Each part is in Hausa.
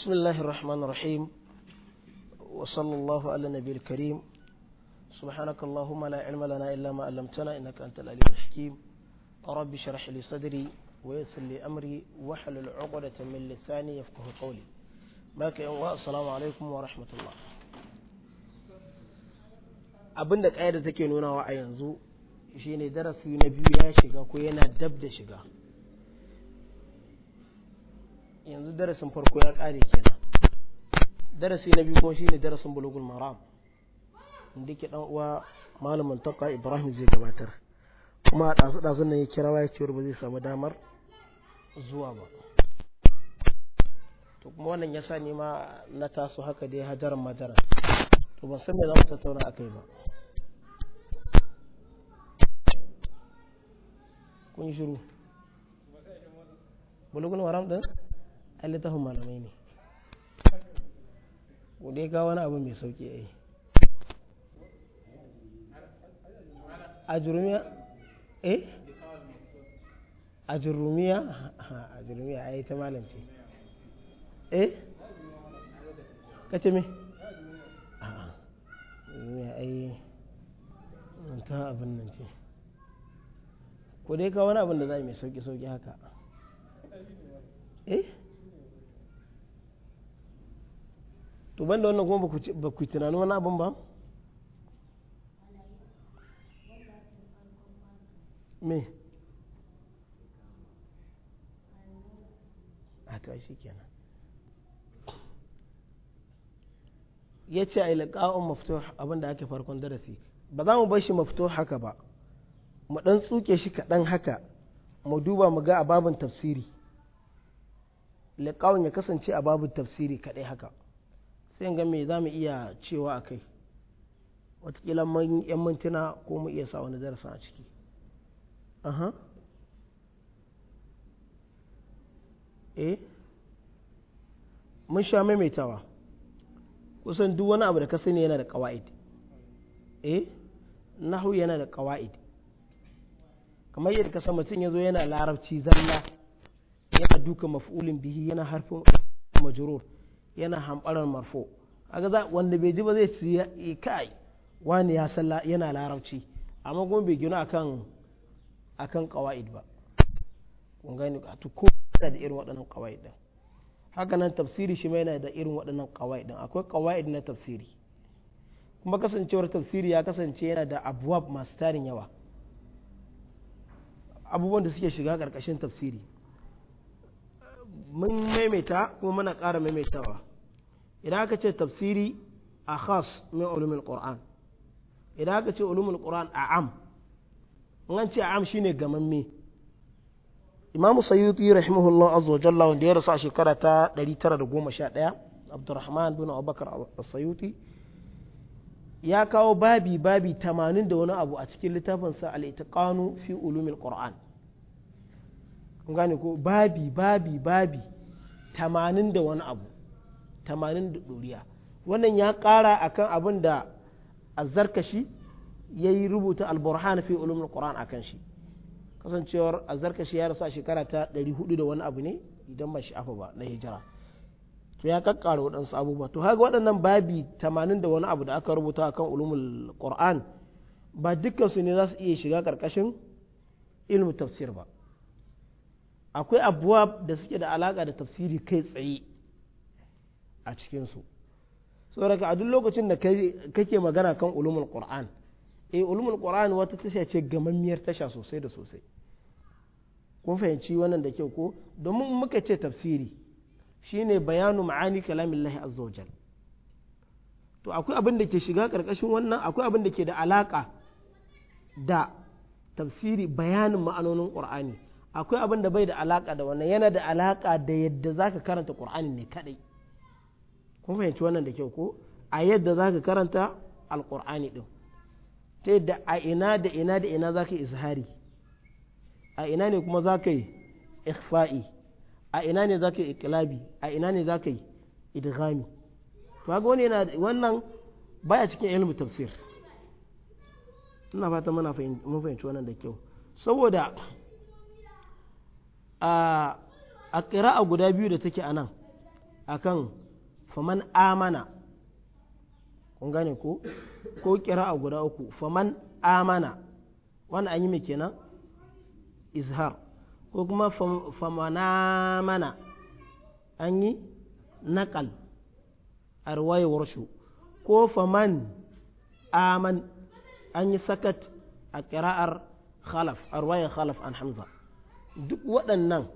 بسم الله الرحمن الرحيم وصلى الله على النبي الكريم سبحانك اللهم لا علم لنا إلا ما علمتنا إنك أنت العليم الحكيم رب اشرح لي صدري ويسر لي أمري واحلل عقدة من لساني يفقه قولي باك السلام عليكم ورحمة الله abin da ƙayar da take nunawa a yanzu shine darasi na biyu ya shiga ko yana dab da shiga yanzu darasin farko ya ƙare kenan darasi na biyu kuma shine darasin bulugul maram inda ke dan uwa malamin taqa ibrahim zai gabatar kuma a ɗazu ɗazun nan ya kira waya cewar ba zai samu damar zuwa ba to kuma wannan ya sa ma na taso haka dai hajaran majara to ban san me za mu tattauna akai ba kun shiru bulugul maram din ai littafin malamai ne ku dai ga wani abu mai sauki a yi eh? a jirumiya eh jirumiya a yi ta malam ce eh kace me a yi ta abin nan ce ku dai ga wani abin da za a yi mai sauki-sauki haka eh to banda wannan kuma ba ku tunanin wani abin ba me a to shi kenan ya ce a ilaƙa'un mafito abin da ake farkon darasi ba za mu bar shi mafito haka ba mu ɗan tsuke shi kaɗan haka mu duba mu ga a babin tafsiri liƙa'un ya kasance a babin tafsiri kaɗai haka sai ga me za mu iya cewa a kai watakila man yan mintuna ko mu iya sa wani darasa a ciki aha eh mun sha maimaitawa kusan duk wani abu da ka sani yana da kawa'id eh nahu yana da kawa'id kamar yadda ka san mutum ya zo yana larabci zalla yana duka maf'ulin bihi yana harfin majrur yana hamɓarar marfo za wanda bai ji ba zai ci eh, kai wani ya salla yana larabci amma kuma bai gina akan akan qawaid ba kun gani a ko da irin waɗannan qawaid din haka nan tafsiri shi mai yana da irin waɗannan qawaid din akwai qawaid na tafsiri kuma kasancewar tafsiri ya kasance yana da abwab masu tarin yawa abubuwan da suke shiga ƙarƙashin tafsiri mun maimaita kuma muna ƙara maimaitawa idan aka ce tafsiri a khas min ulumin qur'an idan aka ce ulumul qur'an a am in an ce a am shine gamamme imam Sayyidi rahimahullah azza jalla wanda ya rasu a shekara ta 911 abdurrahman bin abubakar as-sayyuti ya kawo babi babi 80 da wani abu a cikin littafinsa al-itqanu fi ulumil qur'an kun gane ko babi babi babi 80 da wani abu tamanin da ɗoriya wannan ya ƙara kan abin da azarkashi ya yi rubuta alburhan fi ƙoran a kan shi kasancewar azarkashi ya rasu a shekara ta 400 da wani abu ne idan ba shi afa ba na hijira to ya ƙaƙƙara waɗansu abubuwa to haka waɗannan babi tamanin da wani abu da aka rubuta akan ulumul ƙoran ba dukkansu ne za su iya shiga ƙarƙashin ilmu tafsir ba akwai abuwa da suke da alaƙa da tafsiri kai tsaye a cikinsu saboda a duk lokacin da kake magana kan ulumul qur'an eh ulumul qur'an wata tasha ce gamammiyar tasha sosai da sosai kun fahimci wannan da kyau ko domin muka ce tafsiri shine bayanu ma'ani kalamillahi azza wajal to akwai abin da ke shiga karkashin wannan akwai abin da ke da alaka da tafsiri bayanin ma'anonin qur'ani akwai abin da bai da alaka da wannan yana da alaka da yadda zaka karanta qur'ani ne kadai kun fahimci wannan da kyau ko a yadda za ka karanta alƙur'ani ɗin ta yadda a ina da ina da ina za ka yi izhari a ina ne kuma za ka yi ikhfa'i a ina ne za ka yi ikilabi a ina ne za ka yi idghami to ga wani yana wannan baya cikin ilmu tafsir ina fata muna mun fahimci wannan da kyau saboda a a guda biyu da take a nan akan faman amana kun gane ko ko a guda uku faman amana wani an yi mai kenan izhar ko kuma famana mana an yi nakal a ruwayewar shu ko faman aman an yi sakat a kira'ar khalaf a ruwayen khalaf an hamza duk waɗannan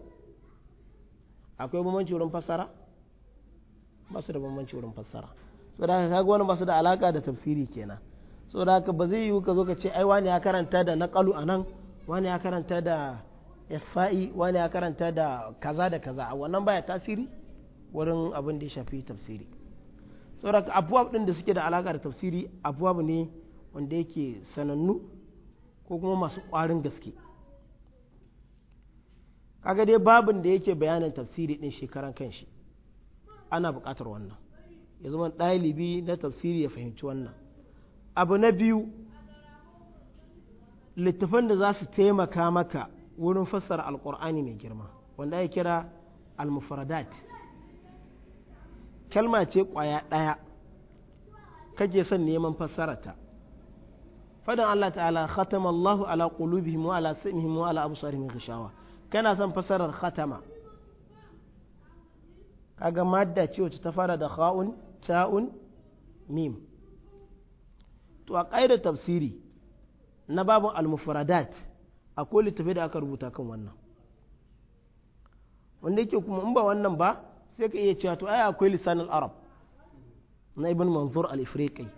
akwai bambanci wurin fasara ba su da bambanci wurin fassara saboda haka kaga wani ba su da alaka da tafsiri kenan saboda haka ba zai yiwu ka zo ka ce ai wani ya karanta da naqalu anan wani ya karanta da ifa'i wani ya karanta da kaza da kaza a wannan baya tasiri wurin abin da ya shafi tafsiri saboda abubuwan din da suke da alaka da tafsiri abubuwa ne wanda yake sanannu ko kuma masu ƙwarin gaske kaga dai babin da yake bayanin tafsiri din shekaran kanshi ana buƙatar wannan ya zama ɗalibi na tafsiri ya fahimci wannan abu na biyu littafan da za su taimaka maka wurin fassara alƙur'ani mai girma wanda ya kira almufaradat kalma ce ƙwaya ɗaya kake son neman fassarata fadan Allah ta'ala khatama Allahu ala qulubihim wa ala sam'ihim wa ala absarihim ghishawa kana son fassarar khatama kaga madda ce wacce ta fara da kha'un ta'un mim to a ƙa'idar tafsiri na babu al-mufradat akwai littafi da aka rubuta kan wannan wanda yake kuma in ba wannan ba sai ka iya cewa to ai akwai al arab na ibn manzur al-ifriqi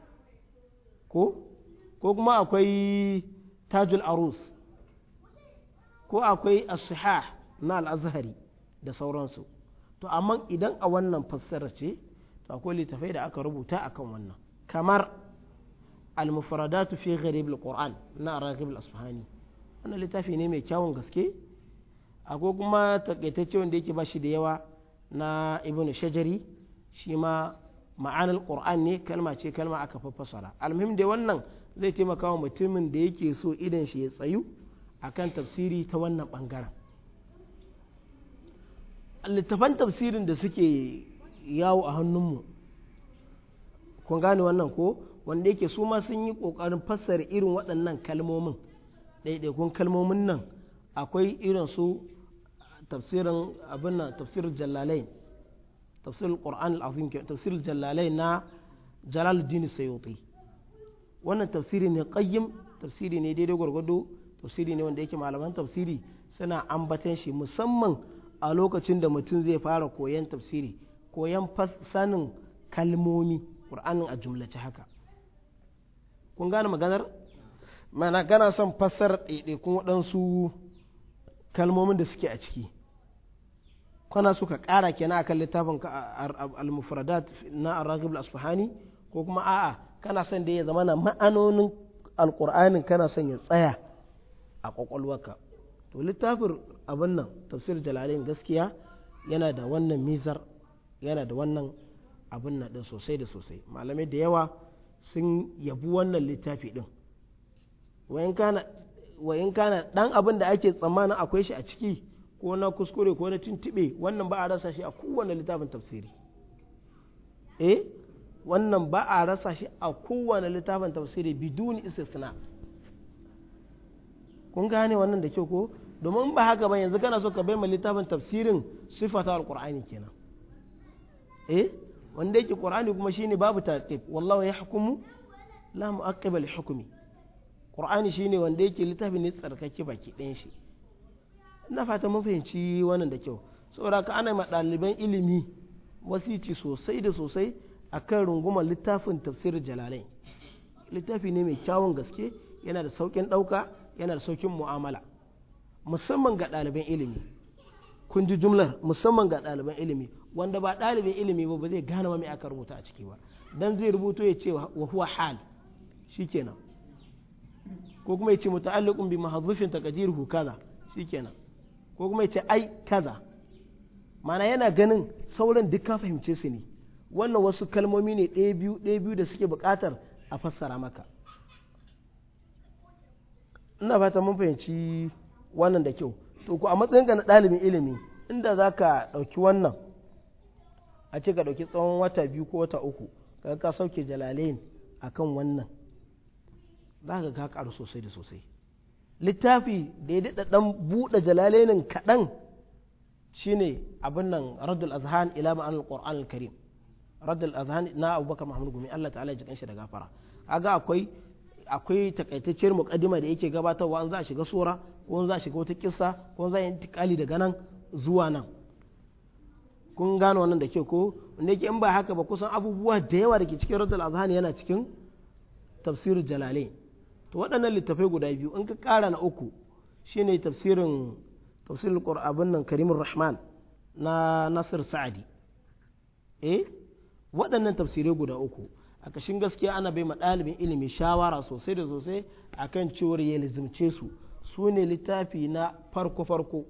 ko ko kuma akwai tajul arus ko akwai as na al-azhari da sauransu to amma idan a wannan fassara ce to akwai littafai da aka rubuta akan wannan kamar al-mufradatu fi gharib al-qur'an na raghib al-asfahani wannan littafi ne mai kyawun gaske akwai kuma takaitacce wanda yake bashi da yawa na ibnu shajari shi ma ma'anar qur'an ne kalma ce kalma aka fassara almuhim dai wannan zai taimaka wa mutumin da yake so idan shi ya tsayu akan tafsiri ta wannan bangaren littafan tafsirin da suke yawo a hannunmu kun gane wannan ko wanda yake su ma sun yi ƙoƙarin fassara irin waɗannan kalmomin ɗaiɗaikun kalmomin nan akwai irin su tafsirin abin nan tafsirin jallalai tafsirin ƙor'an al'afin tafsirin jallalai na jalaluddin sayoti wannan tafsiri ne ƙayyim tafsiri ne daidai gwargwado tafsiri ne wanda yake malaman tafsiri suna ambaton shi musamman a lokacin da mutum zai fara koyan tafsiri koyan sanin kalmomi ƙur'anin a jumlace haka kun gane maganar mana gana son fassar ɗaiɗaikun waɗansu kalmomin da suke a ciki kana suka ƙara kenan akan littafin al-mufradat na ar-raghib al-asfahani ko kuma a'a kana son da ya zama na ma'anonin al-qur'anin kana son ya tsaya a ƙwaƙwalwarka to littafin abin nan tafsir jalalain gaskiya yana da wannan mizar yana da wannan abin nan din sosai da sosai malamai da yawa sun yabu wannan littafi din wa in kana dan abin da ake tsammanin akwai shi a ciki ko na kuskure ko na tuntube wannan ba a rasa shi a kowane littafin tafsiri eh wannan ba a rasa shi a kowane littafin tafsiri biduni istisna kun gane wannan da kyau ko domin ba haka ba yanzu kana so ka bai ma littafin tafsirin sifata alkur'ani kenan eh wanda yake qur'ani kuma shine babu taqib wallahu yahkumu la mu'aqqiba hukmi qur'ani shine wanda yake littafin ne tsarkake baki ɗayan shi ina fata mun fahimci wannan da kyau saboda ka ana ma ɗaliban ilimi wasici sosai da sosai akan rungumar littafin tafsirin jalalai littafi ne mai kyawun gaske yana da saukin ɗauka yana da saukin mu'amala musamman ga ɗaliban ilimi kun ji jumlar musamman ga ɗaliban ilimi wanda ba ɗalibin ilimi ba ba zai gane ma me aka rubuta a ciki ba dan zai rubuto ya ce wa huwa hal shikenan ko kuma ya ce muta'alliqun bi mahdhufin taqdiruhu kaza shikenan ko kuma ya ce ai kaza mana yana ganin sauran duk ka fahimce su ne wannan wasu kalmomi ne ɗaya biyu ɗaya biyu da suke buƙatar a fassara maka ina fata mun fahimci wannan da kyau to ku a ka na ɗalibin ilimi inda za ka ɗauki wannan a ce ka ɗauki tsawon wata biyu ko wata uku ka ka sauke jalalain a kan wannan za ka ka ƙaru sosai da sosai littafi da ya daɗa ɗan buɗe jalalainin kaɗan shine abin nan radul azhan ila ma'anar qur'an al-karim raddul azhan na abubakar mahmud gumi allah ta'ala ya ji shi da gafara kaga akwai akwai takaitacciyar mukaddima da yake gabatarwa an za a shiga sura ko an za a shiga wata kissa ko an za a yi intikali daga nan zuwa nan kun gano wannan da ke ko wanda yake in ba haka ba kusan abubuwa da yawa da ke cikin radul azhani yana cikin tafsirin jalale to waɗannan littafai guda biyu in ka ƙara na uku shine tafsirin tafsirin qur'abin nan karimin rahman na nasir sa'adi eh waɗannan tafsirai guda uku a kashin gaskiya ana bai ma ɗalibin ilimi shawara sosai da sosai a kan cewar ya lizimce su su ne littafi na farko-farko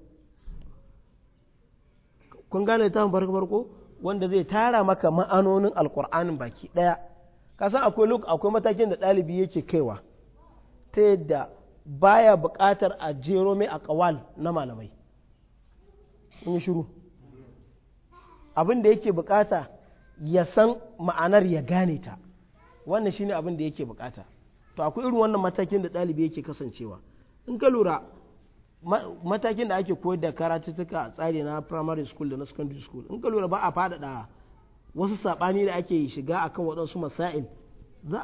kun gane littafin farko-farko wanda zai tara maka ma'anonin alkur'anin baki ɗaya kasan akwai luk akwai matakin da ɗalibi yake kaiwa ta yadda baya bukatar a jero mai a kawal na malamai sun yi shiru abin da yake bukata ya san ma'anar ya gane ta wannan shine abin da yake bukata to akwai irin wannan matakin da ɗalibi yake kasancewa in ka lura matakin da ake koyar da karatuttuka a tsari na primary school da na secondary school in ka lura ba a faɗaɗa wasu saɓani da ake shiga akan waɗansu masail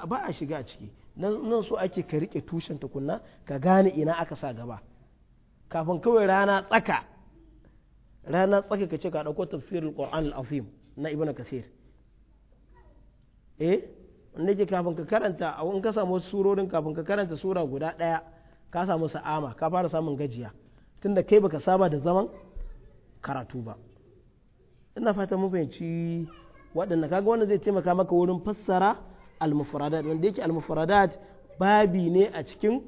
ba a shiga a ciki nan so ake ka rike tushen tukunna ka gane ina aka sa gaba kafin kawai rana tsaka rana tsaka ka ce ka ɗauko tafsirin ƙwar'an al'afim na ibn kasir eh wanda ke kafin ka karanta a in ka samu wasu surorin kafin ka karanta sura guda ɗaya ka samu sa'ama ka fara samun gajiya tunda kai baka saba da zaman karatu ba ina fata mun fahimci waɗanda kaga wanda zai taimaka maka wurin fassara al-mufradat wanda yake al-mufradat babi ne a cikin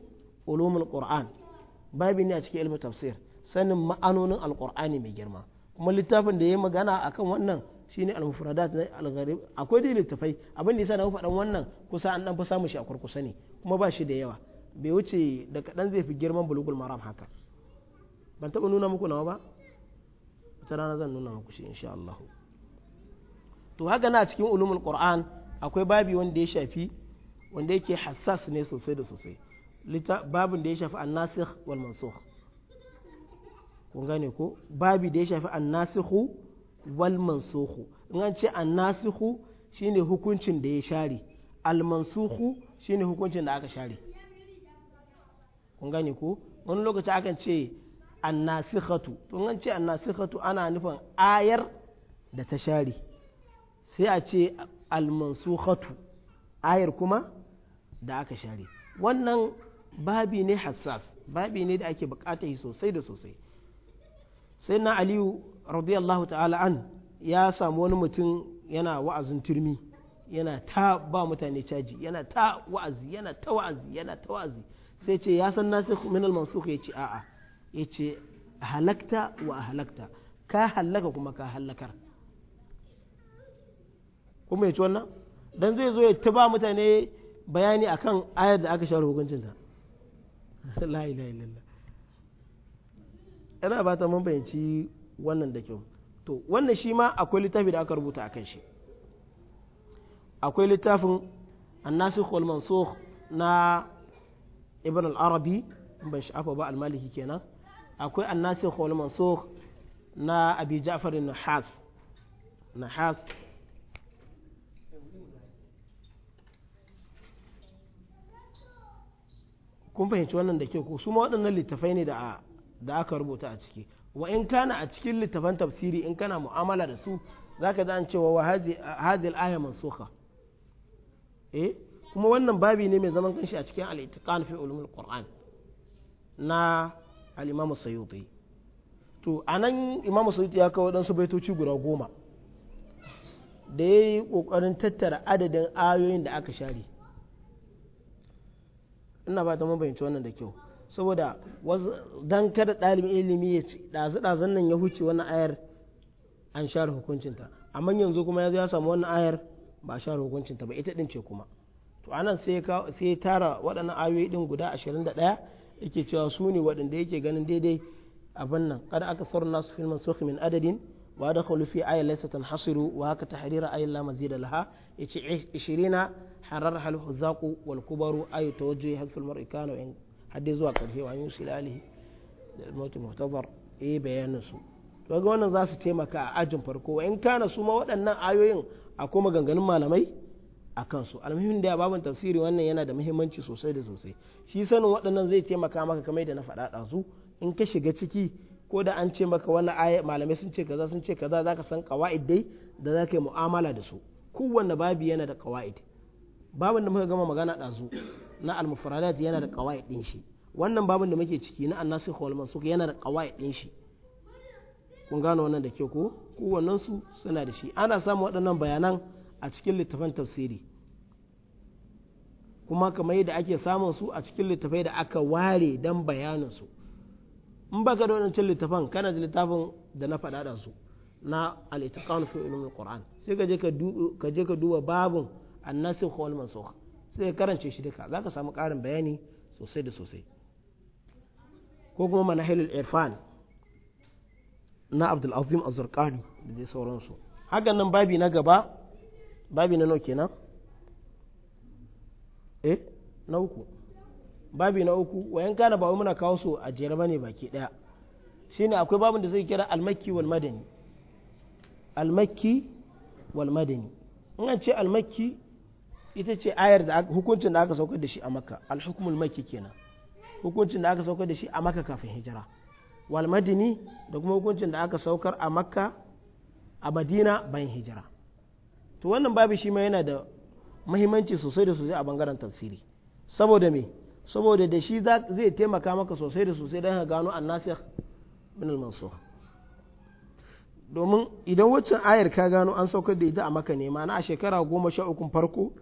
ulumul qur'an babi ne a cikin ilmu tafsir sanin ma'anonin alqur'ani mai girma kuma littafin da ya magana akan wannan shine al-mufradat na al-gharib akwai dai littafai abin da yasa na faɗan wannan kusa an dan fa samu shi a kurkusa ne kuma ba shi da yawa bai wuce da kaɗan zai fi girman bulugul maram haka ban taɓa nuna muku nawa ba wata rana zan nuna muku shi insha Allah to haka na cikin ulumul qur'an akwai babi wanda ya shafi wanda yake hassas ne sosai da sosai babin da ya shafi an-nasikh wal mansukh kun gane ko babi da ya shafi annasikhu wal mansukhu in an ce annasikhu shine hukuncin da ya share al mansukhu shine hukuncin da aka share kun gane ko wani lokaci akan ce annasikhatu to an ce annasikhatu ana nufin ayar da ta share sai a ce al ayar kuma da aka share wannan babi ne hassas babi ne da ake bukata sosai da sosai sai na aliyu radiyallahu ta'ala an ya samu wani mutum yana wa'azin turmi yana ta ba mutane caji yana ta wa'azi yana ta wa'azi yana ta wa'azi sai ce ya san nasikh min al-mansukh yace a'a yace halakta wa halakta ka halaka kuma ka halakar kuma yace wannan dan zai zo ya ta ba mutane bayani akan ayar da aka share hukuncin ta la ilaha illallah ina ba ta mun bayanci wannan da kyau to wannan shi ma akwai littafi da aka rubuta a kan shi akwai littafin annasikh wal mansukh na ibn al-arabi ban sha'afa ba al-maliki kenan akwai annasikh wal mansukh na abi ja'far an-nahas nahas kun fahimci wannan da kyau ko su ma waɗannan littafai ne da aka rubuta a ciki wa in kana a cikin littafan tafsiri in kana mu'amala da su zaka ka an cewa wa hadhihi al-aya mansukha eh kuma wannan babi ne mai zaman kanshi a cikin al-itqan fi ulumul qur'an na al-imam sayyuti to anan imam sayyuti ya kawo su baitoci guda goma da ya yi ƙoƙarin tattara adadin ayoyin da aka share ina ba ta mabayanci wannan da kyau saboda dan kada ɗalibin ilimi ya ce ɗazu-ɗazun nan ya huce wannan ayar an share hukuncinta amma yanzu kuma ya zo ya samu wannan ayar ba a share hukuncinta ba ita ɗin ce kuma to anan sai ya tara waɗannan ayoyi ɗin guda ashirin da ɗaya yake cewa su ne waɗanda yake ganin daidai abin nan kada aka faru nasu filman sukhi min adadin wa da fi ayar laisa hasiru wa haka tahrira ayar la da laha yace 20 harar hal huzaku wal kubaru ayatu tawajjuhi hakful mar'i kana hadde zuwa karshe wa yusil alihi da mautu muhtazar e eh, bayanin su to ga wannan za su taimaka a ajin farko in kana su ma waɗannan ayoyin a akwai ganganin malamai a kansu almuhimmin da babin tafsiri wannan yana da muhimmanci sosai da sosai shi sanin waɗannan zai taimaka maka kamar da na faɗa su in ka shiga ciki ko da an ce maka wannan aya malamai sun ce kaza sun ce kaza zaka san qawaid dai da zaka yi mu'amala da su kowanne babi yana da kawa'id. babin da muka gama magana ɗazu na al yana da qawaid din shi wannan babin da muke ciki na annasikh wal mansukh yana da qawaid din shi kun gano wannan da ke ko wannan su suna da shi ana samun waɗannan bayanan a cikin littafan tafsiri kuma kamar yadda ake samun su a cikin littafai da aka ware don bayanin su in baka da waɗancan littafan kana da littafin da na faɗa su na al-itqan fi al qur'an sai ka je ka duba babun annasikh wal mansukh sai karance shi duka zaka samu ƙarin bayani sosai da sosai ko kuma manahilul irfan na abdul azim azurqani da dai sauransu hakan nan babi na gaba babi na nawa kenan eh na uku babi na uku wayan kana ba muna kawo su a jere ne baki daya shine akwai babin da zai kira almakki wal madani almakki wal madani in an ce almakki ita ce ayar da hukuncin da aka saukar da shi a makka alhukumul makki kenan hukuncin da aka saukar da shi a makka kafin hijira wal madini da kuma hukuncin da aka saukar a makka a madina bayan hijira to wannan babu shi ma yana da muhimmanci sosai da sosai a bangaren tafsiri saboda me saboda da shi zai taimaka maka sosai da sosai don gano annasikh min al-mansukh domin idan waccan ayar ka gano an saukar da ita a maka ne ma'ana a shekara goma sha ukun farko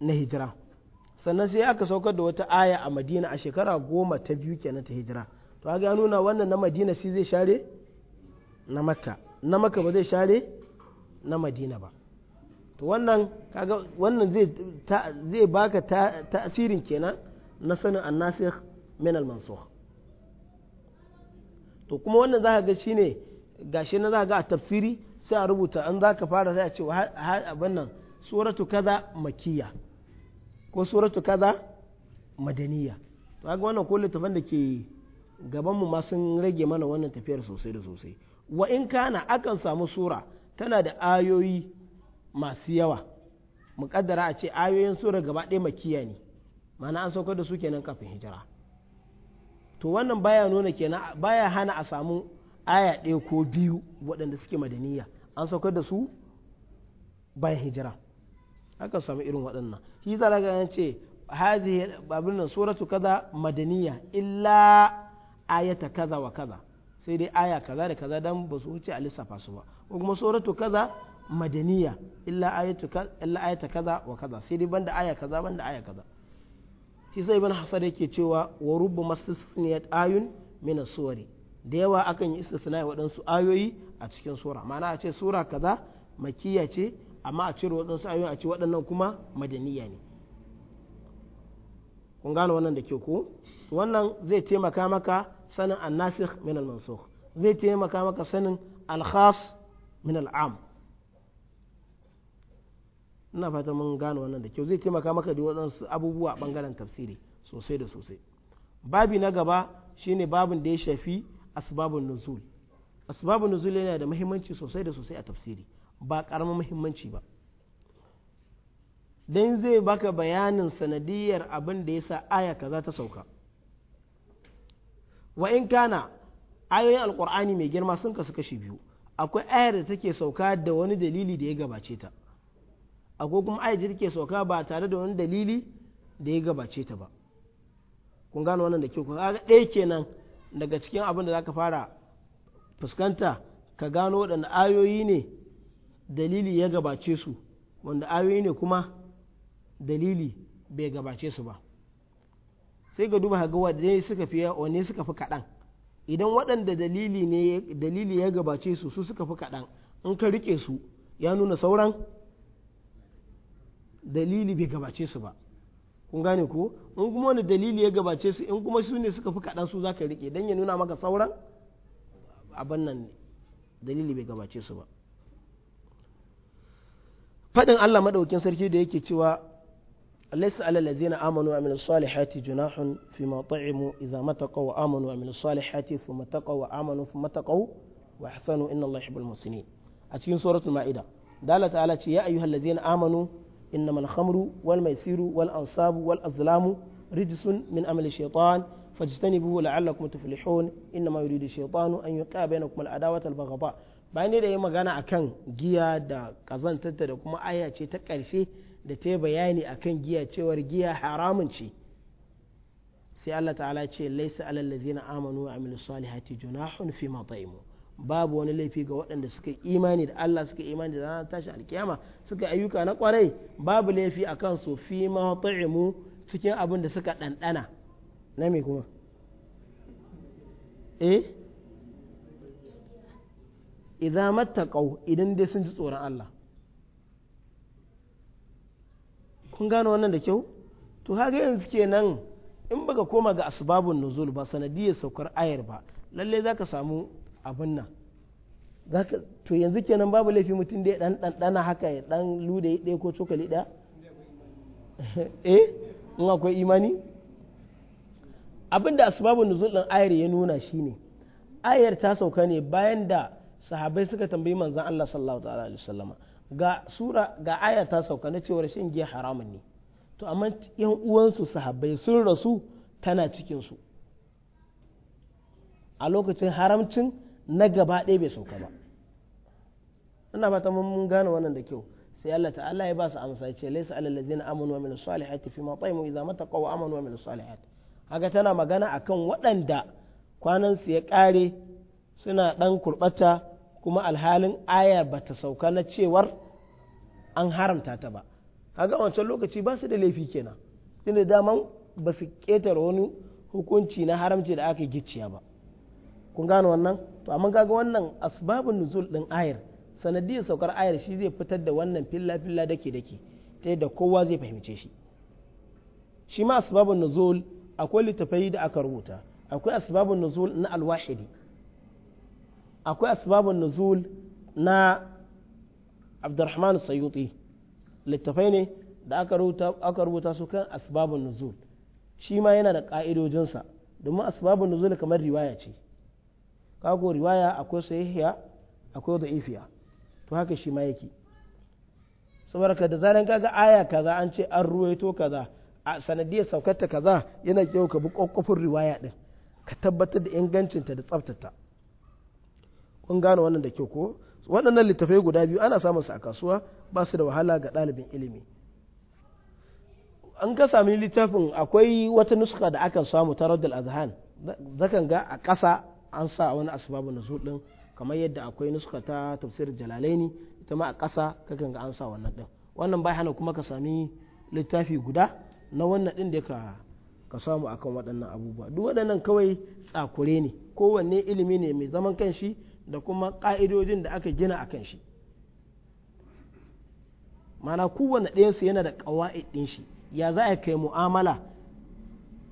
na hijira sannan sai aka saukar da wata aya a madina a shekara goma ta biyu kenan ta hijira to ga nuna wannan na madina shi zai share na makka na makka ba zai share na madina ba to wannan kaga wannan zai baka tasirin kenan na sanin annasir min al-mansukh to kuma wannan za ka ga shi shine gashi na ka ga a tafsiri sai a rubuta an ka fara sai a ce abin nan suratu kaza makiyya ko suratu kaza madaniya to ga wannan ko tafan da ke gaban mu ma sun rage mana wannan tafiyar sosai da sosai wa in kana akan samu sura tana da ayoyi masu yawa muƙaddara a ce ayoyin sura gaba ɗaya makiya ne mana an saukar da su kenan kafin hijira to wannan baya nuna kenan baya hana a samu aya ɗaya ko biyu waɗanda suke madaniya an saukar da su bayan hijira akan samu irin waɗannan shi za ga an ce hadhihi babin nan suratu kaza madaniya illa ayata kaza wa kaza sai dai aya kaza da kaza dan ba su wuce a lissafa su ba ko kuma suratu kaza madaniya illa ayatu illa ayata kaza wa kaza sai dai banda aya kaza banda aya kaza shi sai ibn hasan yake cewa wa rubbu mastasniyat ayun min as-suwari da yawa akan yi istisna waɗansu ayoyi a cikin sura ma'ana a ce sura kaza makiya ce amma a cire waɗansu ayoyin a ce waɗannan kuma madaniya ne kun gano wannan da ke ko wannan zai taimaka maka sanin annasikh min al-mansukh zai taimaka maka sanin al-khas min al-am ina fata mun gano wannan da kyau zai taimaka maka da waɗansu abubuwa bangaren ɓangaren tafsiri sosai da sosai babi na gaba shine babin da ya shafi asbabun nuzul asbabun nuzul yana da muhimmanci sosai da sosai a tafsiri ba ƙaramin muhimmanci ba don zai baka bayanin sanadiyar abin da ya sa aya kaza ta sauka wa in kana ayoyin alkur'ani mai girma sun kasu kashi biyu akwai ayar da take sauka da wani dalili da ya gabace ta akwai kuma ayar da take sauka ba tare da wani dalili da ya gabace ta ba kun gano wannan da kyau kun ɗaya kenan daga cikin abin da za ka fara fuskanta ka gano waɗanda ayoyi ne dalili ya gabace su wanda ayoyi ne kuma dalili bai gabace su ba sai ga duba ga wadda suka fi wane suka fi kaɗan idan waɗanda dalili ne dalili ya gabace su su suka fi kaɗan in ka rike su ya nuna sauran dalili bai gabace su ba kun gane ko in kuma wani dalili ya gabace su in kuma su ne suka fi kaɗan su za ka rike don ya nuna maka sauran abin nan ne dalili bai gabace su ba faɗin Allah maɗaukin sarki da yake cewa laysa alal ladzina amanu wa amilus salihati junahun fi ma ta'imu idza mataqaw wa amanu wa amilus salihati thumma taqaw wa amanu thumma taqaw wa ahsanu inna Allah yuhibbul muhsinin a cikin suratul ma'ida dala ta'ala ce ya ayyuhal ladzina amanu innamal khamru wal maisiru wal ansabu wal azlamu rijsun min amali shaytan fajtanibuhu la'allakum tuflihun innama yuridu shaytanu an yuqa bainakum al adawata al baghdha bayan da yi magana a kan giya da kazantarta da kuma aya ce ta ƙarshe da ta yi bayani a kan giya cewar giya haramun ce sai Allah ta'ala ce laisa alallazi na amanu wa amilus salihati junahun fi ma taimu babu wani laifi ga waɗanda suka imani da Allah suka imani da ranar tashi alkiyama suka ayyuka na kwarai babu laifi a su fi ma ta'imu cikin abin da suka ɗanɗana na me kuma eh idza mattaqau idan dai sun ji tsoron Allah kun gano wannan da kyau to haka yanzu kenan in baka koma ga asbabun nuzul ba sanadiyar saukar ayar ba lalle zaka samu abin nan zaka to yanzu kenan babu laifi mutum da ya dan dana haka ya dan luda ɗaya ko cokali ɗaya eh in akwai imani abinda da asbabun nuzul din ayar ya nuna shine ayar ta sauka ne bayan da sahabai suka tambayi manzan Allah sallallahu ta'ala alaihi wasallama ga sura ga aya ta sauka na cewar shan giya haramun ne to amma yan uwansu sahabai sun rasu tana cikin su a lokacin haramcin na gaba ɗaya bai sauka ba ina fata mun gane wannan da kyau sai Allah ta'ala ya ba su amsa ce laysa alal ladina amanu wa minas salihati fi ma idza mataqaw wa amanu wa minas salihati haka tana magana akan waɗanda kwanan su ya ƙare suna ɗan kurɓata kuma alhalin aya ba ta sauka na cewar an haramta ta ba kaga wancan lokaci ba su da laifi kenan tunda daman ba su ƙetare wani hukunci na haramci da aka gicciya ba kun gano wannan to amma kaga wannan asbabun nuzul din ayar sanadiyar saukar ayar shi zai fitar da wannan filla filla dake dake ta yadda kowa zai fahimce shi shi ma asbabun nuzul akwai littafai da aka rubuta akwai asbabun nuzul na alwahidi akwai asbabun nuzul na abdurrahman sayuti littafai ne da aka rubuta su kan asbabun nuzul shi ma yana da ƙa'idojinsa domin asbabun nuzul kamar riwaya ce kago riwaya akwai sahihiya akwai da'ifiya to haka shi ma yake saboda da zaran kaga aya kaza an ce an ruwaito kaza a sanadiyar saukarta kaza yana kyau ka bi kwakwafin riwaya din ka tabbatar da ingancinta da tsaftata kun gane wannan da kyau ko waɗannan littafai guda biyu ana samun su a kasuwa ba su da wahala ga ɗalibin ilimi an ka sami littafin akwai wata nuska da aka samu ta raddal azhan zakan ga a ƙasa an sa wani asbabu nuzul din kamar yadda akwai nuska ta tafsir jalalaini ita ma a ƙasa kakan ga an sa wannan din wannan bai hana kuma ka sami littafi guda na wannan din da ka ka samu akan waɗannan abubuwa duk waɗannan kawai tsakure ne kowanne ilimi ne mai zaman kanshi da kuma ƙa’idojin da aka gina a kan shi mana kowane ɗayansu yana da ƙawa'id ɗin shi ya za a kai mu'amala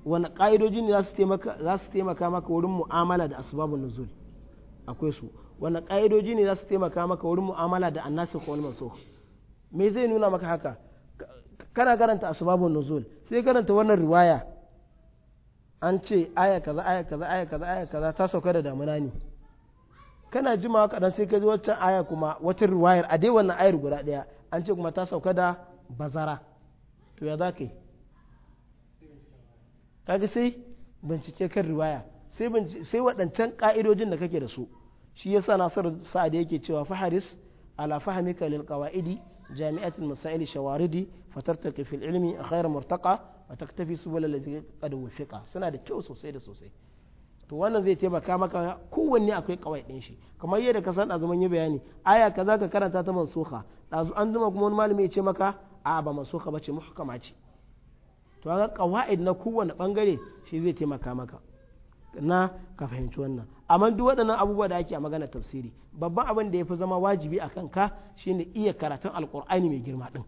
wani ƙa'idoji ne za su taimaka maka wurin mu'amala da asibabin nuzul akwai su wani ƙa'idoji ne za su taimaka maka wurin mu'amala da annasi ko manso me zai nuna maka haka kana karanta asibabin nuzul sai karanta wannan riwaya an ce aya kaza aya kaza aya kaza aya kaza ta sauka da damuna ne kana jimawa kaɗan sai ka ji waccan aya kuma wata riwayar a dai wannan ayar guda ɗaya an ce kuma ta sauka da bazara to ya za ka yi kaga sai bincike kan riwaya sai waɗancan ƙa'idojin da kake da su shi yasa nasar da yake cewa faharis ala fahimika lil qawaidi jami'at al masail shawaridi fatartaqi fil ilmi khayra murtaqa wa taktafi subul ladhi qad wufiqa suna da kyau sosai da sosai to wannan zai taimaka maka kowanne akwai kawai ɗin shi kamar yadda ka san azuman yi bayani aya kaza ka karanta ta mansuha dazu an zuma kuma wani malami ya ce maka a ba mansuha ba ce muhkama ce to ga kawaid na kowanne bangare shi zai taimaka maka na ka fahimci wannan amma duk waɗannan abubuwa da ake a magana tafsiri babban abin da ya fi zama wajibi a kanka shine iya karatun alkur'ani mai girma ɗin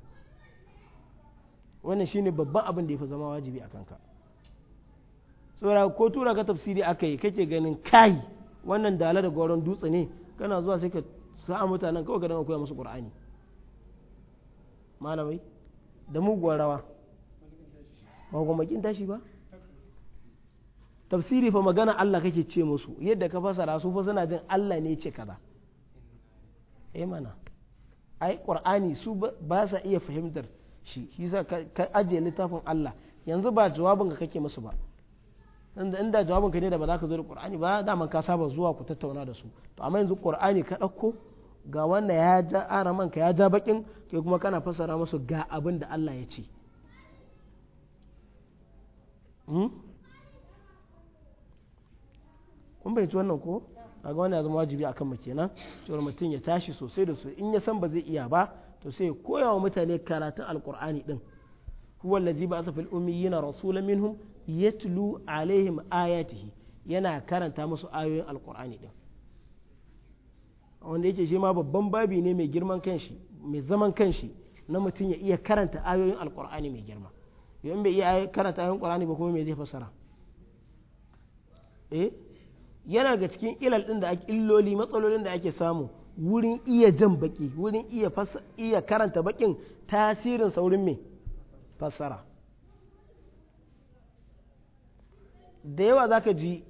wannan shine babban abin da ya fi zama wajibi a kanka saboda ko tura ka tafsiri aka yi kake ganin kai wannan dala da goron dutse ne kana zuwa sai ka sa'a mutanen kawai ka dama koya musu qur'ani malamai da muguwar rawa ba kin tashi ba tafsiri fa magana Allah kake ce musu yadda ka fasara su fa suna jin Allah ne ce kaza eh mana ai qur'ani su ba sa iya fahimtar shi shi ka ajiye littafin Allah yanzu ba jawabin ka kake musu ba inda jawabin ka ne da ba za ka zo da qur'ani ba daman ka saba zuwa ku tattauna da su to amma yanzu qur'ani ka ɗauko ga wanda ya ja araman ka ya ja bakin kai kuma kana fassara musu ga abin da Allah ya ce hmm? kun bai wannan ko a ga wannan ya zama wajibi akan mu kenan cewar mutum ya tashi sosai da su in ya san ba zai iya ba to sai koya wa mutane karatun alqur'ani din huwa allazi ba'atha fil ummiyina rasulan minhum yatlu alaihim ayatihi yana karanta musu ayoyin alkur'ani din wanda yake shi ma babban babi ne mai girman kanshi mai zaman kanshi na mutum ya iya karanta ayoyin alkur'ani mai girma in bai iya karanta ayoyin alkur'ani ba kuma mai zai fassara eh yana ga cikin ilal din da illoli matsalolin da ake samu wurin iya jan baki wurin iya iya karanta bakin tasirin saurin mai fassara da yawa za ka ji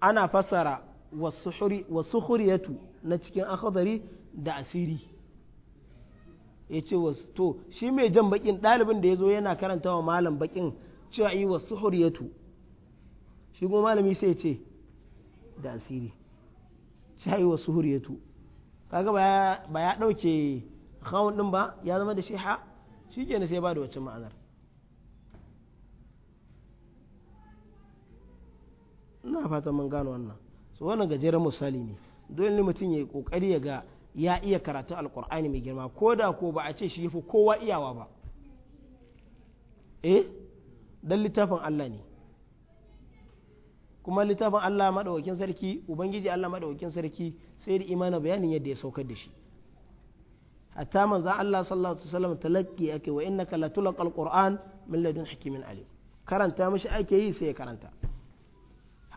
ana fassara wasu huriyatu na cikin akhadari da asiri ya ce wasu to shi mai jan bakin ɗalibin da ya zo yana karanta wa malam bakin cewa yi wasu huriyatu shi kuma malami sai ce da asiri cewa yi wasu huriyatu kaga ba ya ɗauke khawun ɗin ba ya zama da shi ha shi ke sai ba da wacce ma'anar ina fata mun gano wannan su wannan gajeren misali ne dole ne mutum ya yi kokari ya ga ya iya karatu alkur'ani mai girma ko da ko ba a ce shi yafi kowa iyawa ba eh dan littafin Allah ne kuma littafin Allah madaukakin sarki ubangiji Allah madaukakin sarki sai da imanin bayanin yadda ya saukar da shi hatta manzo Allah sallallahu alaihi wasallam talakki ake wa innaka latulqal qur'an min ladun hakimin alim karanta mishi ake yi sai ya karanta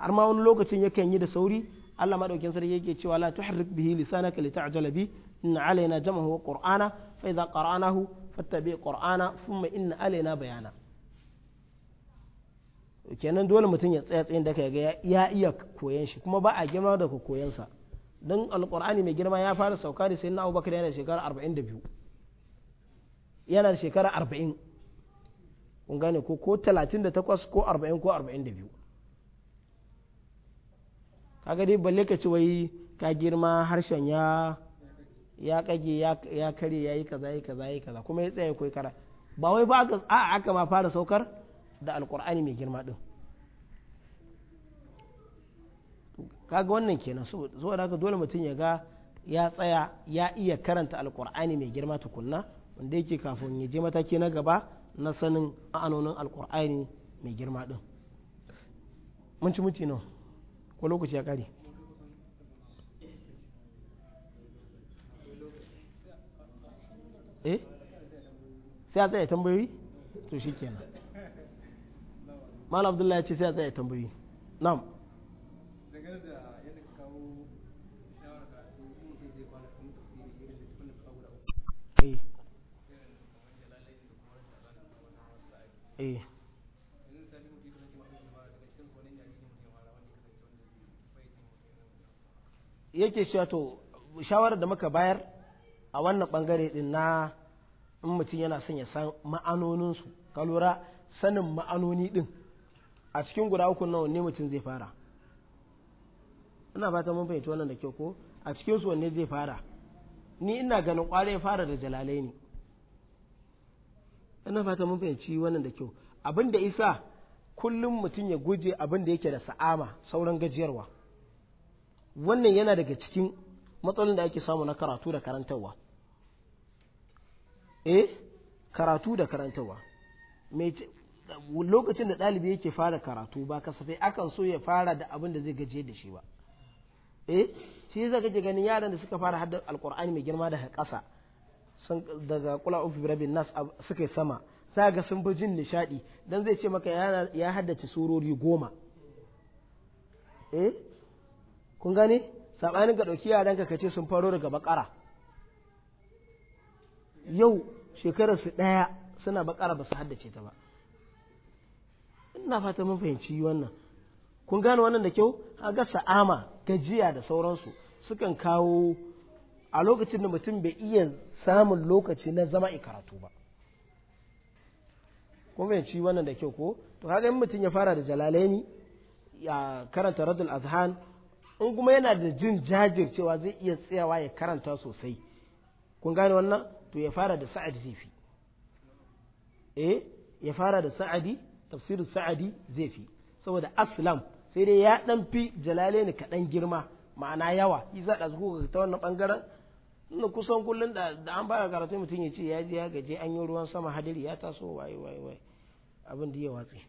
har ma wani lokacin yakan yi da sauri Allah madaukin sarki yake cewa la tuharrik bihi lisanaka lita'jala bi inna alaina jama'u wa qur'ana fa idza qara'nahu fattabi qur'ana thumma inna alaina bayana kenan dole mutum ya tsaya tsayin da kaga ya iya koyan shi kuma ba a girma da koyan sa dan alqur'ani mai girma ya fara sauka da sayyidina Abubakar yana da shekara 42 yana da shekara 40 kun gane ko ko 38 ko 40 ko 42 kaga dai balle ka ci wai ka girma harshen ya ya kage ya kare ya yi kaza yi kaza yi kaza kuma ya tsaye koyi kara ba wai ba aka a aka ma fara saukar da alkur'ani mai girma din kaga wannan kenan saboda haka dole mutum ya ga ya tsaya ya iya karanta alkur'ani mai girma tukunna wanda yake kafin ya je mataki na gaba na sanin ma'anonin alkur'ani mai girma din mun ci mutu nawa ko lokaci ya kare eh? sai a tsaye tambayoyi to shi kenan malam abdullahi ya ce sai a tsaye tambayoyi na'am eh yake cewa to shawarar da muka bayar a wannan bangare din na in mutum yana son ya san ma'anoninsu ka lura sanin ma'anoni din a cikin guda uku nawa ne mutum zai fara ina fata mun fahimci wannan da kyau ko a cikin su wanne zai fara ni ina ganin kwarai fara da jalalai ne ina fata mun fahimci wannan da kyau abin da isa kullum mutum ya guje abin da yake da sa'ama sauran gajiyarwa wannan yana daga cikin matsalolin da ake samu na karatu da karantarwa eh karatu da karantarwa lokacin da ɗalibi yake fara karatu ba kasafai akan so ya fara da abin da zai gaje da shi ba eh shi zaka ji ganin yaran da suka fara hadda alqur'ani mai girma daga ƙasa sun daga kula of rabin nas suka sama za ga sun bi jin nishaɗi dan zai ce maka ya haddace surori goma eh kun gane sabanin ga dauki yaran ka kace sun faro daga bakara yau shekarar su daya suna bakara ba su haddace ta ba ina fata mun fahimci wannan kun gane wannan da kyau ga sa'ama gajiya da sauransu sukan kawo a lokacin da mutum bai iya samun lokaci na zama a karatu ba kun fahimci wannan da kyau ko to kaga in mutum ya fara da jalalaini ya karanta radul azhan in kuma yana da jin jajircewa zai iya tsayawa ya karanta sosai kun gane wannan to ya fara da sa'adi zai fi eh ya fara da sa'adi tafsirin sa'adi zai fi saboda aslam sai dai ya dan fi jalale ne kaɗan girma ma'ana yawa yi za zuwa ta wannan ɓangaren na kusan kullum da an fara karatu mutum ya ce ya je ya gaje an yi ruwan sama hadiri ya taso waye waye waye abin da ya watsi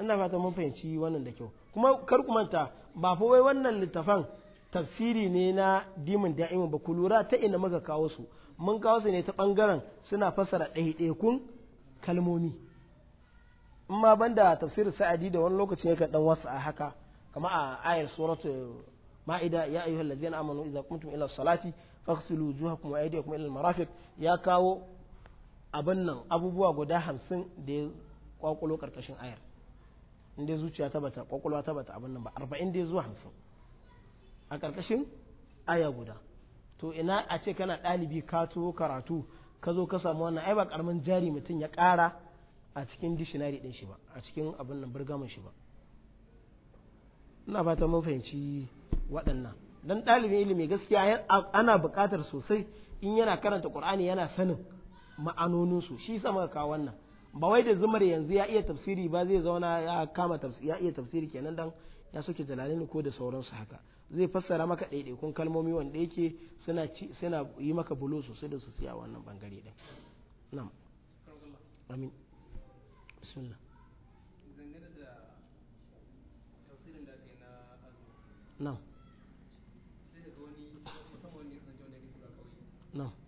ina fata mun fahimci wannan da kyau kuma karku manta ba fa wai wannan littafan tafsiri ne na dimin da'imin ba ku lura ta ina muka kawo su mun kawo su ne ta bangaren suna fassara ɗaiɗaikun kalmomi in ma banda tafsirin sa'adi da wani lokaci yake dan wasu a haka kama a ayar suratul ma'ida ya ayyuhal ladzina amanu idza qumtum ila salati faghsilu wujuhakum wa aydiyakum ila al-marafiq ya kawo abin nan abubuwa guda hamsin da ya kwakulo karkashin ayar in dai zuciya ta bata kwakwalwa ta bata abin nan ba arba'in dai zuwa hamsin a ƙarƙashin aya guda to ina a ce kana ɗalibi ka to karatu ka zo ka samu wannan ai ba ƙaramin jari mutum ya ƙara a cikin dishinari ɗin shi ba a cikin abin nan burgamin shi ba ina fata mun fahimci waɗannan dan ɗalibin ilimi gaskiya ana buƙatar sosai in yana karanta ƙur'ani yana sanin ma'anoninsu shi sama ka kawo wannan ba wai da zumar yanzu ya iya tafsiri ba zai zauna ya kama tafsiri ya iya tafsiri kenan dan ya soke jalalin ko da sauransu haka zai fassara maka ɗaiɗaikun kalmomi wanda yake suna suna yi maka bulo sosai da sosai a wannan bangare din nam amin bismillah dangane da tafsirin da na azumi na'am sai ga wani musamman ne san jawon da yake kula kawai na'am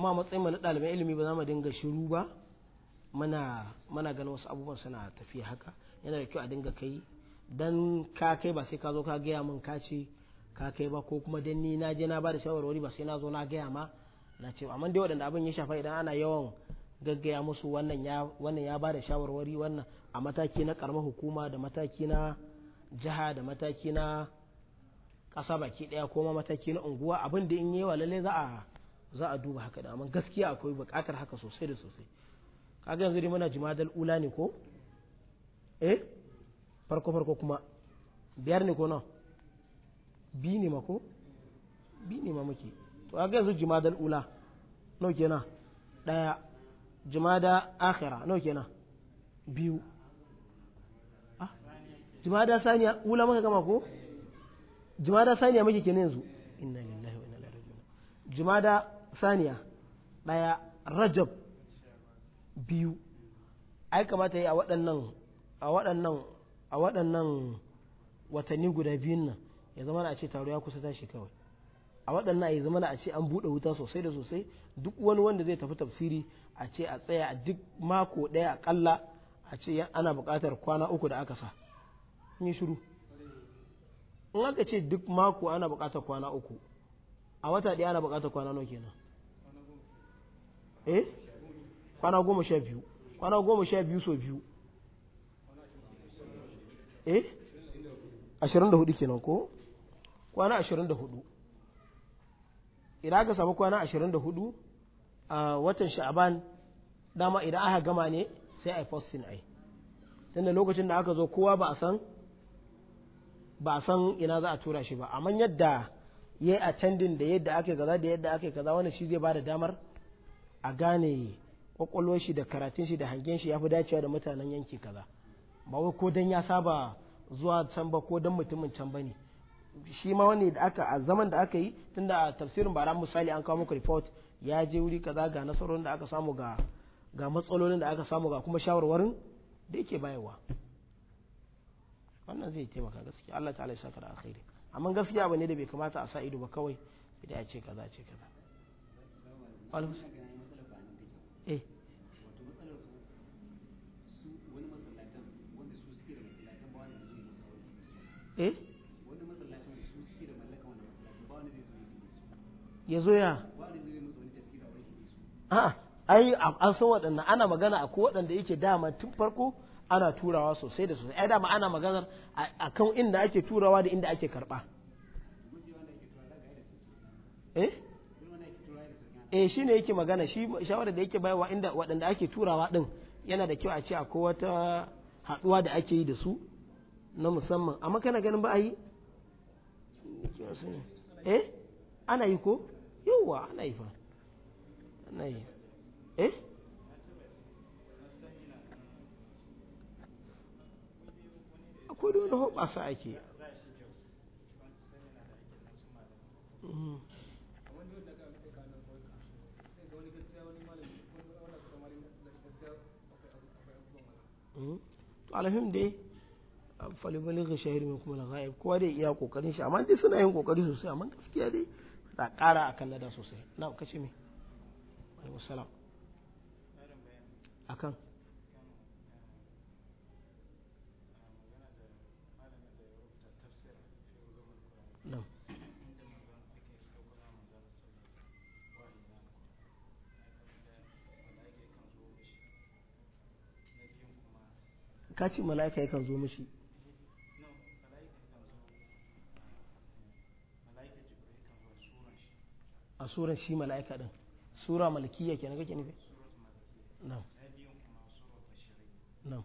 kuma matsayin na ɗalibin ilimi ba za mu dinga shiru ba mana mana ganin wasu abubuwan suna tafiya haka yana da kyau a dinga kai dan ka kai ba sai ka zo ka gaya min ka ce ka kai ba ko kuma dan ni na je na ba da shawarwari ba sai na zo na gaya ma na ce amma dai waɗanda abin ya shafa idan ana yawan gaggaya musu wannan ya wannan ba da shawarwari wannan a mataki na karamar hukuma da mataki na jiha da mataki na ƙasa baki ɗaya ko mataki na unguwa abin da in yi wa lalle za a za a duba haka da amma gaskiya akwai buƙatar haka sosai da sosai kaga yanzu dai muna jimadal ula ne ko eh farko farko kuma biyar ne ko na bi ne ma ko bi ne ma muke to kaga yanzu jimadal ula no kenan daya jimada akhira n'o kenan biyu ah jimada saniya ula muka gama ko jimada saniya muke kenan yanzu inna lillahi wa inna ilaihi raji'un jimada saniya ɗaya rajab biyu ai kamata yi a waɗannan a waɗannan a waɗannan watanni guda biyun nan ya zama a ce taro ya kusa tashi kawai a waɗannan ya zama a ce an buɗe wuta sosai da sosai duk wani wanda zai tafi tafsiri a ce a tsaya a duk mako ɗaya aƙalla a ce ana buƙatar kwana uku da aka sa in yi shiru in aka ce duk mako ana buƙatar kwana uku a wata ɗaya ana buƙatar kwana nawa kenan eh kwana goma sha biyu kwana goma sha biyu so biyu eh ashirin da hudu kenan ko kwana ashirin da hudu idan aka samu kwana ashirin da hudu a watan sha'aban dama idan aka gama ne sai a yi fostin ai tunda lokacin da aka zo kowa ba a san ba a san ina za a tura shi ba amma yadda ya a attending da yadda ake kaza da yadda ake kaza wannan shi zai da damar a gane kwakwalwar shi da karatun shi da hangen shi ya fi dacewa da mutanen yanki kaza ba wai ko dan ya saba zuwa can ba ko dan mutumin can ne shi ma wani da aka a zaman da aka yi tunda a tafsirin bara misali an kawo muku report ya je wuri kaza ga nasarorin da aka samu ga ga matsalolin da aka samu ga kuma shawarwarin da yake bayarwa wannan zai taimaka gaskiya Allah ta'ala ya saka da alkhairi amma gaskiya ba ne da bai kamata a sa ido ba kawai idan ya ce kaza ce kaza ya zo ya a ai an san waɗannan ana magana a ko waɗanda yake dama tun farko ana turawa sosai da sosai ai dama ana maganar akan inda ake turawa da inda ake karba eh eh shine yake magana shi shawara da yake bayarwa inda waɗanda ake turawa din yana da kyau a ce akwai wata haɗuwa da ake yi da su na musamman amma kana ganin ba a yi eh ana yi ko yauwa ana yi fa ana yi eh ko da wani hoɓasa ake mhm. Mhm. to alhim dai falibalin ga shahiri mai kuma lagayib kowa dai iya kokarin shi amma dai suna yin kokari sosai amma gaskiya dai da kara a kan sosai na kace me alaikum salam akan Ka kaci mala'ika yakan zo mishi a suran shi mala'ika din sura malakiya kenan kake nufi na'am na'am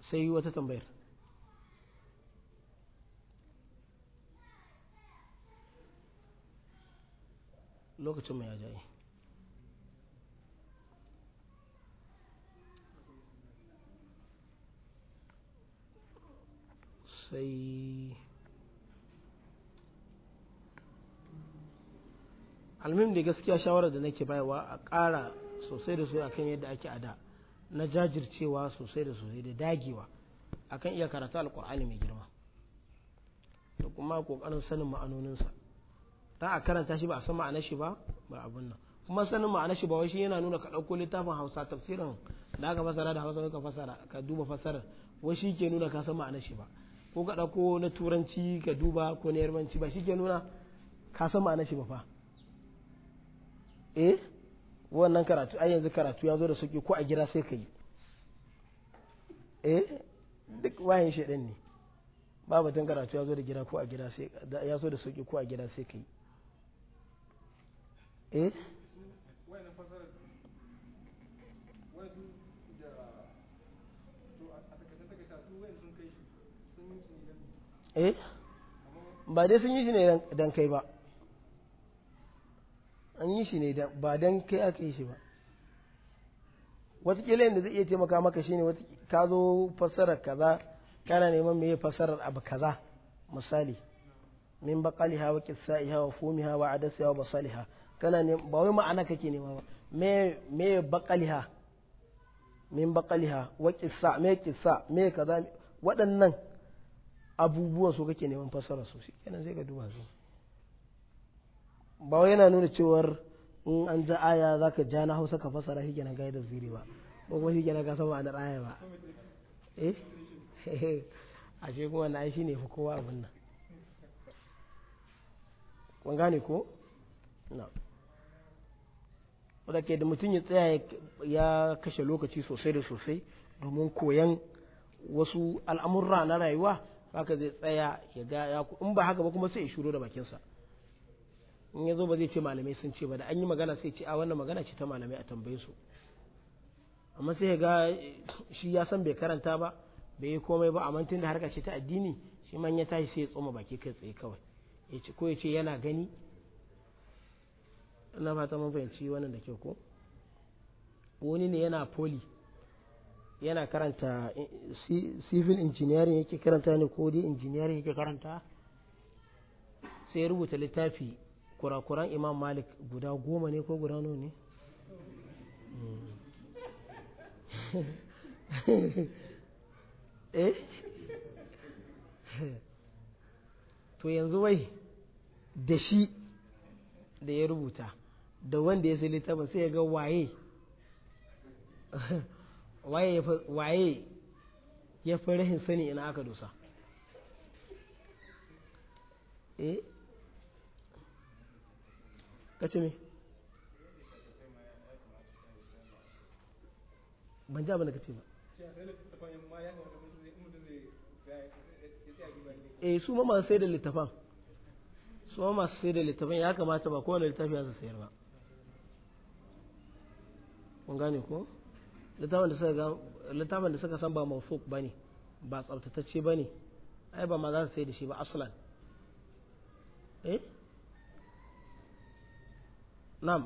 sai wata tambayar lokacin mai ajiye sai almim da gaskiya shawarar da nake bayarwa a ƙara sosai da sosai akan yadda ake ada. na jajircewa sosai da sosai da dagewa akan iya karatu alkur'ani mai girma da kuma kokarin sanin ma'anoninsa ta a karanta shi ba a san ma'anar shi ba ba abin nan kuma sanin ma'ana shi ba wai shi yana nuna ka ɗauko littafin hausa tafsirin da aka fasara da hausa ka fasara ka duba fasarar wai shi ke nuna ka san ma'anar shi ba ko ka ɗauko na turanci ka duba ko na yarbanci ba shi ke nuna ka san ma'anar shi ba fa eh wannan karatu ai yanzu karatu ya zo da sauki ko a gida sai ka yi eh duk wayan shaidan ne ba batun karatu ya zo da gida ko a gida sai ya zo da sauki ko a gida sai ka yi eh eh ba dai sun yi shi ne dan kai ba an yi shi ne ba dan kai aka yi shi ba watakila yadda zai iya taimaka maka ne ka zo fassarar kaza kana neman mai fassarar abu kaza misali min baqaliha wa qissaiha hawa fumiha wa adasiha basali basaliha kana ne ba wai ma'ana kake nema ba me me ha min baqaliha wa qissa me qissa me kaza waɗannan abubuwan su kake neman fassara su kenan sai ka duba su ba wai yana nuna cewar in an ja aya za ka ja na Hausa ka fasara shi gaya gaida ziri ba ko kuma shi na gasa ba a aya ba eh ashe kuma na shi ne fi kowa abin nan kun gane ko na wadda ke da mutum ya tsaya ya kashe lokaci sosai da sosai domin koyan wasu al'amurra na rayuwa haka zai tsaya ya ga ya in ba haka ba kuma sai ya shiro da bakinsa in ya zo ba zai ce malamai sun ce ba da an yi magana sai ce a wannan magana ce ta malamai a tambaye su amma sai ga shi ya san bai karanta ba bai yi komai ba amma tun da harka ce ta addini shi man ya tashi sai ya tsoma baki kai tsaye kawai ya ce ko ya ce yana gani ina fata mun fahimci wannan da kyau ko wani ne yana poli yana karanta civil engineering yake karanta ne ko dai engineering yake karanta sai ya rubuta littafi kurakuran imam malik guda goma ne ko guda nuna ne eh to yanzu wai da shi da ya rubuta da wanda ya sai littafin sai ya ga waye waye ya fi rahin sani ina aka dusa. eh ka ce me ban ja bane kace ka ce ba eh su ma masu sai da littafan su ma masu sai da littafan ya kamata ba kowane littafi ya sayar ba kun gane ko littafin da suka san ba mafuk ba ne ba tsabtatacce ba ne ai ba ma za su sai da shi ba aslan eh na'am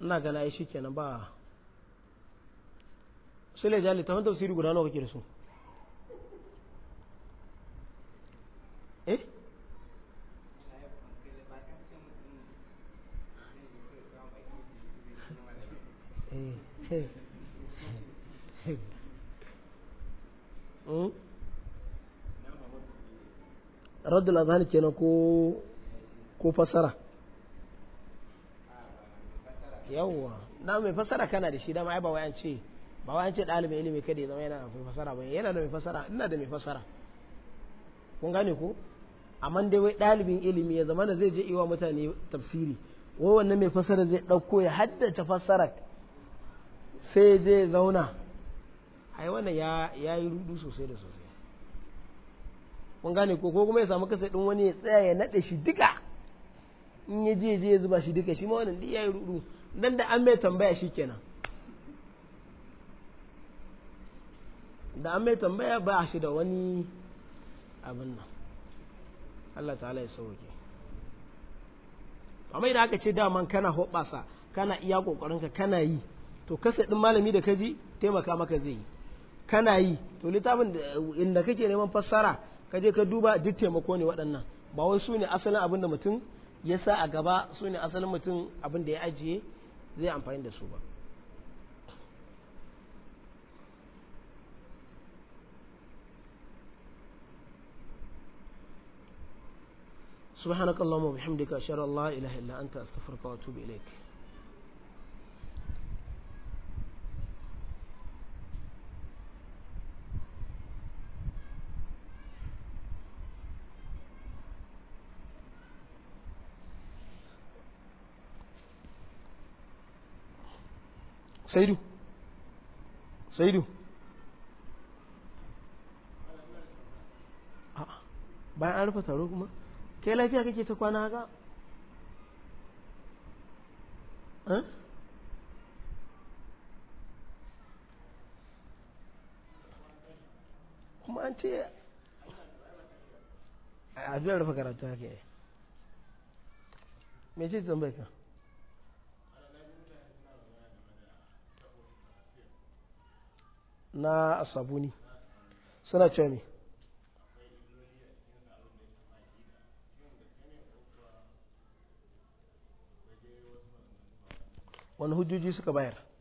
ina gana ya shi kenan ba Sai le jali tafi tafsiri guda nawa kake da su eh eh Hmm? raddul azhani kenan ko ko fasara yawwa na mai fasara kana da shi dama ai ba wai an ce ba wai an ce dalibin ilimi kada ya zama yana da mai fasara bai yana da mai fasara ina da mai fasara kun gane ko amma dai wai dalibin ilimi ya zama da zai je iwa mutane tafsiri wai wannan mai fasara zai dauko ya haddace fasara sai je zauna ai wannan ya yayi rudu sosai da sosai kun gane ko ko kuma ya samu kasa din wani ya tsaya ya nade shi duka in ya je je ya zuba shi duka shi ma wannan ya yi rudu dan da an mai tambaya shikenan da an mai tambaya ba shi da wani abin nan Allah ta'ala ya sauke amma idan aka ce daman kana hoɓasa kana iya ƙoƙarinka kana yi to kasa ɗin malami da kaji taimaka maka zai yi kana yi to littafin inda kake neman fassara ka je ka duba duk taimako ne waɗannan ba wai su ne asalin abin da mutum ya sa a gaba su ne asalin mutum abin da ya ajiye zai amfani da su ba سبحانك اللهم وبحمدك أشهد أن لا إله إلا أنت أستغفرك وأتوب إليك saidu saidu bayan an rufe taro kuma ke lafiya kake ta kwana haka kuma an ce a zuwa rufe karatu haka yi mai ce tambayka na sabuni suna cewa ne wani hujjoji suka bayar